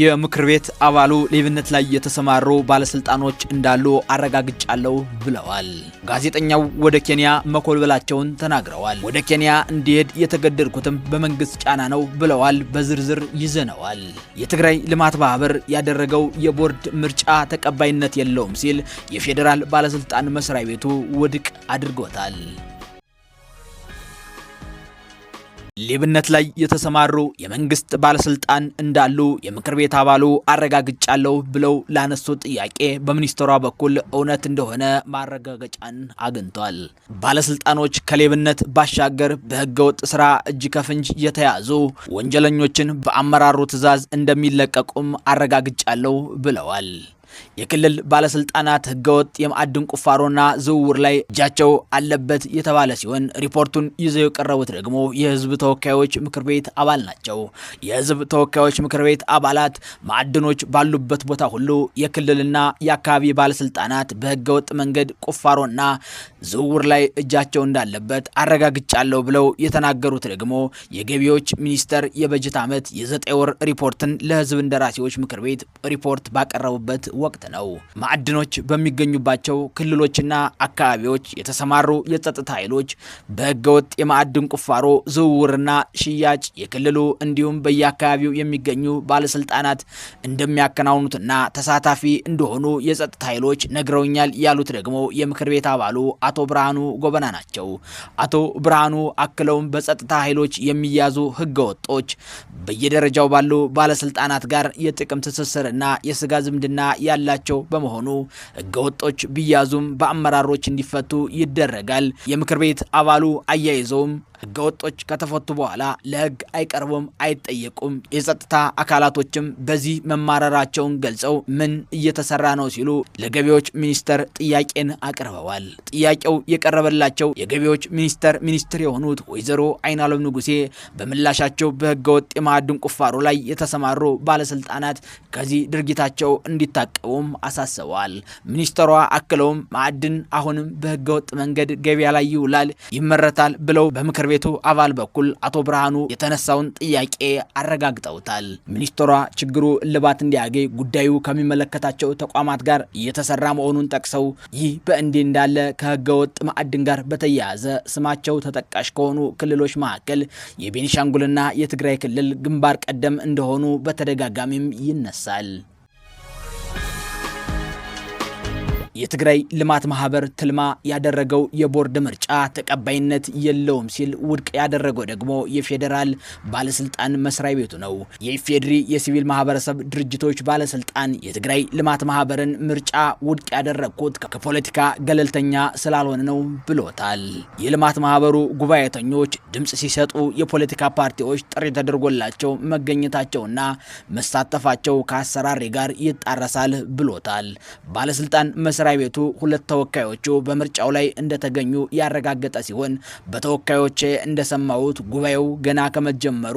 የምክር ቤት አባሉ ሌብነት ላይ የተሰማሩ ባለስልጣኖች እንዳሉ አረጋግጫለሁ ብለዋል። ጋዜጠኛው ወደ ኬንያ መኮልበላቸውን ተናግረዋል። ወደ ኬንያ እንዲሄድ የተገደድኩትም በመንግስት ጫና ነው ብለዋል። በዝርዝር ይዘነዋል። የትግራይ ልማት ማህበር ያደረገው የቦርድ ምርጫ ተቀባይነት የለውም ሲል የፌዴራል ባለስልጣን መስሪያ ቤቱ ውድቅ አድርጎታል። ሌብነት ላይ የተሰማሩ የመንግስት ባለስልጣን እንዳሉ የምክር ቤት አባሉ አረጋግጫለሁ ብለው ላነሱ ጥያቄ በሚኒስትሯ በኩል እውነት እንደሆነ ማረጋገጫን አግኝቷል። ባለስልጣኖች ከሌብነት ባሻገር በህገወጥ ስራ እጅ ከፍንጅ የተያዙ ወንጀለኞችን በአመራሩ ትዕዛዝ እንደሚለቀቁም አረጋግጫለሁ ብለዋል። የክልል ባለስልጣናት ህገወጥ የማዕድን ቁፋሮና ዝውውር ላይ እጃቸው አለበት የተባለ ሲሆን ሪፖርቱን ይዘው የቀረቡት ደግሞ የህዝብ ተወካዮች ምክር ቤት አባል ናቸው። የህዝብ ተወካዮች ምክር ቤት አባላት ማዕድኖች ባሉበት ቦታ ሁሉ የክልልና የአካባቢ ባለስልጣናት በህገወጥ መንገድ ቁፋሮና ዝውውር ላይ እጃቸው እንዳለበት አረጋግጫለሁ ብለው የተናገሩት ደግሞ የገቢዎች ሚኒስቴር የበጀት ዓመት የዘጠኝ ወር ሪፖርትን ለህዝብ እንደራሴዎች ምክር ቤት ሪፖርት ባቀረቡበት ወቅት ነው። ማዕድኖች በሚገኙባቸው ክልሎችና አካባቢዎች የተሰማሩ የጸጥታ ኃይሎች በህገወጥ የማዕድን ቁፋሮ ዝውውርና ሽያጭ የክልሉ እንዲሁም በየአካባቢው የሚገኙ ባለስልጣናት እንደሚያከናውኑትና ተሳታፊ እንደሆኑ የጸጥታ ኃይሎች ነግረውኛል ያሉት ደግሞ የምክር ቤት አባሉ አቶ ብርሃኑ ጎበና ናቸው። አቶ ብርሃኑ አክለውም በጸጥታ ኃይሎች የሚያዙ ህገወጦች በየደረጃው ባሉ ባለስልጣናት ጋር የጥቅም ትስስርና የስጋ ዝምድና ያላቸው በመሆኑ ህገወጦች ቢያዙም በአመራሮች እንዲፈቱ ይደረጋል። የምክር ቤት አባሉ አያይዘውም ህገወጦች ከተፈቱ በኋላ ለህግ አይቀርቡም፣ አይጠየቁም። የጸጥታ አካላቶችም በዚህ መማረራቸውን ገልጸው ምን እየተሰራ ነው ሲሉ ለገቢዎች ሚኒስቴር ጥያቄን አቅርበዋል። ጥያቄው የቀረበላቸው የገቢዎች ሚኒስቴር ሚኒስትር የሆኑት ወይዘሮ አይናለም ንጉሴ በምላሻቸው በህገወጥ የማዕድን ቁፋሮ ላይ የተሰማሩ ባለስልጣናት ከዚህ ድርጊታቸው እንዲታቀቡም አሳስበዋል። ሚኒስትሯ አክለውም ማዕድን አሁንም በህገወጥ መንገድ ገበያ ላይ ይውላል፣ ይመረታል ብለው በምክር ቤት ቤቱ አባል በኩል አቶ ብርሃኑ የተነሳውን ጥያቄ አረጋግጠውታል። ሚኒስትሯ ችግሩ እልባት እንዲያገኝ ጉዳዩ ከሚመለከታቸው ተቋማት ጋር እየተሰራ መሆኑን ጠቅሰው ይህ በእንዲህ እንዳለ ከህገወጥ ማዕድን ጋር በተያያዘ ስማቸው ተጠቃሽ ከሆኑ ክልሎች መካከል የቤኒሻንጉልና የትግራይ ክልል ግንባር ቀደም እንደሆኑ በተደጋጋሚም ይነሳል። የትግራይ ልማት ማህበር ትልማ ያደረገው የቦርድ ምርጫ ተቀባይነት የለውም ሲል ውድቅ ያደረገው ደግሞ የፌዴራል ባለስልጣን መስሪያ ቤቱ ነው። የኢፌዴሪ የሲቪል ማህበረሰብ ድርጅቶች ባለስልጣን የትግራይ ልማት ማህበርን ምርጫ ውድቅ ያደረግኩት ከፖለቲካ ገለልተኛ ስላልሆነ ነው ብሎታል። የልማት ማህበሩ ጉባኤተኞች ድምፅ ሲሰጡ የፖለቲካ ፓርቲዎች ጥሪ ተደርጎላቸው መገኘታቸውና መሳተፋቸው ከአሰራሪ ጋር ይጣረሳል ብሎታል። ባለስልጣን መስ መስሪያ ቤቱ ሁለት ተወካዮቹ በምርጫው ላይ እንደተገኙ ያረጋገጠ ሲሆን በተወካዮቼ እንደሰማሁት ጉባኤው ገና ከመጀመሩ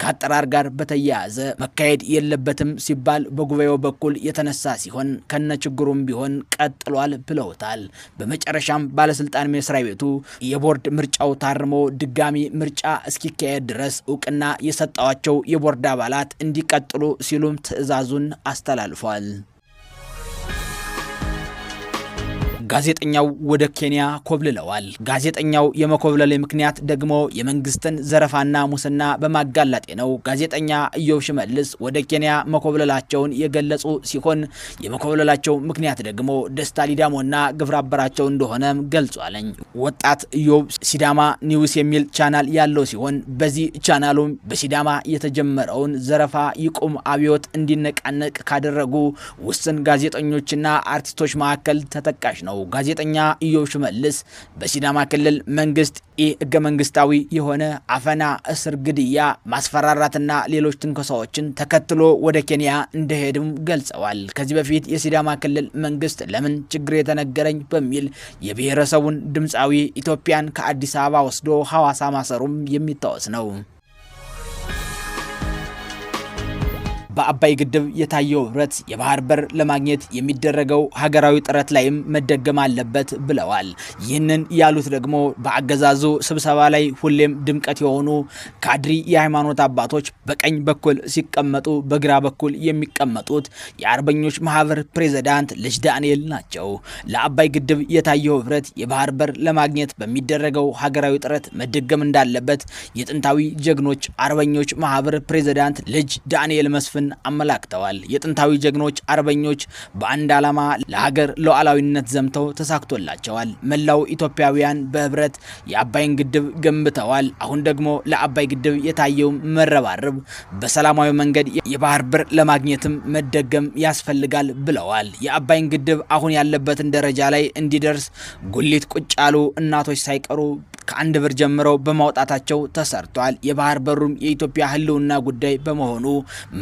ከአጠራር ጋር በተያያዘ መካሄድ የለበትም ሲባል በጉባኤው በኩል የተነሳ ሲሆን ከነ ችግሩም ቢሆን ቀጥሏል ብለውታል። በመጨረሻም ባለስልጣን መስሪያ ቤቱ የቦርድ ምርጫው ታርሞ ድጋሚ ምርጫ እስኪካሄድ ድረስ እውቅና የሰጠዋቸው የቦርድ አባላት እንዲቀጥሉ ሲሉም ትዕዛዙን አስተላልፏል። ጋዜጠኛው ወደ ኬንያ ኮብልለዋል። ጋዜጠኛው የመኮብለል ምክንያት ደግሞ የመንግስትን ዘረፋና ሙስና በማጋላጤ ነው። ጋዜጠኛ ኢዮብ ሽመልስ ወደ ኬንያ መኮብለላቸውን የገለጹ ሲሆን የመኮብለላቸው ምክንያት ደግሞ ደስታ ሊዳሞና ግብረ አበራቸው እንደሆነም ገልጿለኝ። ወጣት ኢዮብ ሲዳማ ኒውስ የሚል ቻናል ያለው ሲሆን በዚህ ቻናሉም በሲዳማ የተጀመረውን ዘረፋ ይቁም አብዮት እንዲነቃነቅ ካደረጉ ውስን ጋዜጠኞችና አርቲስቶች መካከል ተጠቃሽ ነው። ጋዜጠኛ ኢዮብ ሽመልስ በሲዳማ ክልል መንግስት ኢ ህገ መንግስታዊ የሆነ አፈና፣ እስር፣ ግድያ፣ ማስፈራራትና ሌሎች ትንኮሳዎችን ተከትሎ ወደ ኬንያ እንደሄድም ገልጸዋል። ከዚህ በፊት የሲዳማ ክልል መንግስት ለምን ችግር የተነገረኝ በሚል የብሔረሰቡን ድምፃዊ ኢትዮጵያን ከአዲስ አበባ ወስዶ ሐዋሳ ማሰሩም የሚታወስ ነው። በአባይ ግድብ የታየው ህብረት የባህር በር ለማግኘት የሚደረገው ሀገራዊ ጥረት ላይም መደገም አለበት ብለዋል። ይህንን ያሉት ደግሞ በአገዛዙ ስብሰባ ላይ ሁሌም ድምቀት የሆኑ ካድሪ የሃይማኖት አባቶች በቀኝ በኩል ሲቀመጡ በግራ በኩል የሚቀመጡት የአርበኞች ማህበር ፕሬዝዳንት ልጅ ዳንኤል ናቸው። ለአባይ ግድብ የታየው ህብረት የባህር በር ለማግኘት በሚደረገው ሀገራዊ ጥረት መደገም እንዳለበት የጥንታዊ ጀግኖች አርበኞች ማህበር ፕሬዝዳንት ልጅ ዳንኤል መስፍን መሆኑን አመላክተዋል። የጥንታዊ ጀግኖች አርበኞች በአንድ ዓላማ ለሀገር ሉዓላዊነት ዘምተው ተሳክቶላቸዋል። መላው ኢትዮጵያውያን በህብረት የአባይን ግድብ ገንብተዋል። አሁን ደግሞ ለአባይ ግድብ የታየው መረባረብ በሰላማዊ መንገድ የባህር በር ለማግኘትም መደገም ያስፈልጋል ብለዋል። የአባይን ግድብ አሁን ያለበትን ደረጃ ላይ እንዲደርስ ጉሊት ቁጭ ያሉ እናቶች ሳይቀሩ ከአንድ ብር ጀምረው በማውጣታቸው ተሰርቷል። የባህር በሩም የኢትዮጵያ ህልውና ጉዳይ በመሆኑ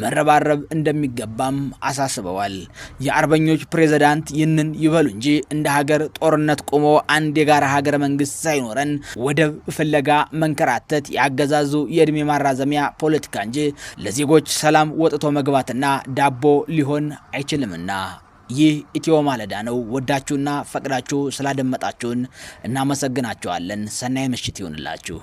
መረባ ሊረባረብ እንደሚገባም አሳስበዋል። የአርበኞች ፕሬዝዳንት ይህንን ይበሉ እንጂ እንደ ሀገር ጦርነት ቆሞ አንድ የጋራ ሀገረ መንግስት ሳይኖረን ወደብ ፍለጋ መንከራተት የአገዛዙ የእድሜ ማራዘሚያ ፖለቲካ እንጂ ለዜጎች ሰላም ወጥቶ መግባትና ዳቦ ሊሆን አይችልምና። ይህ ኢትዮ ማለዳ ነው። ወዳችሁና ፈቅዳችሁ ስላደመጣችሁን እናመሰግናችኋለን። ሰናይ ምሽት ይሁንላችሁ።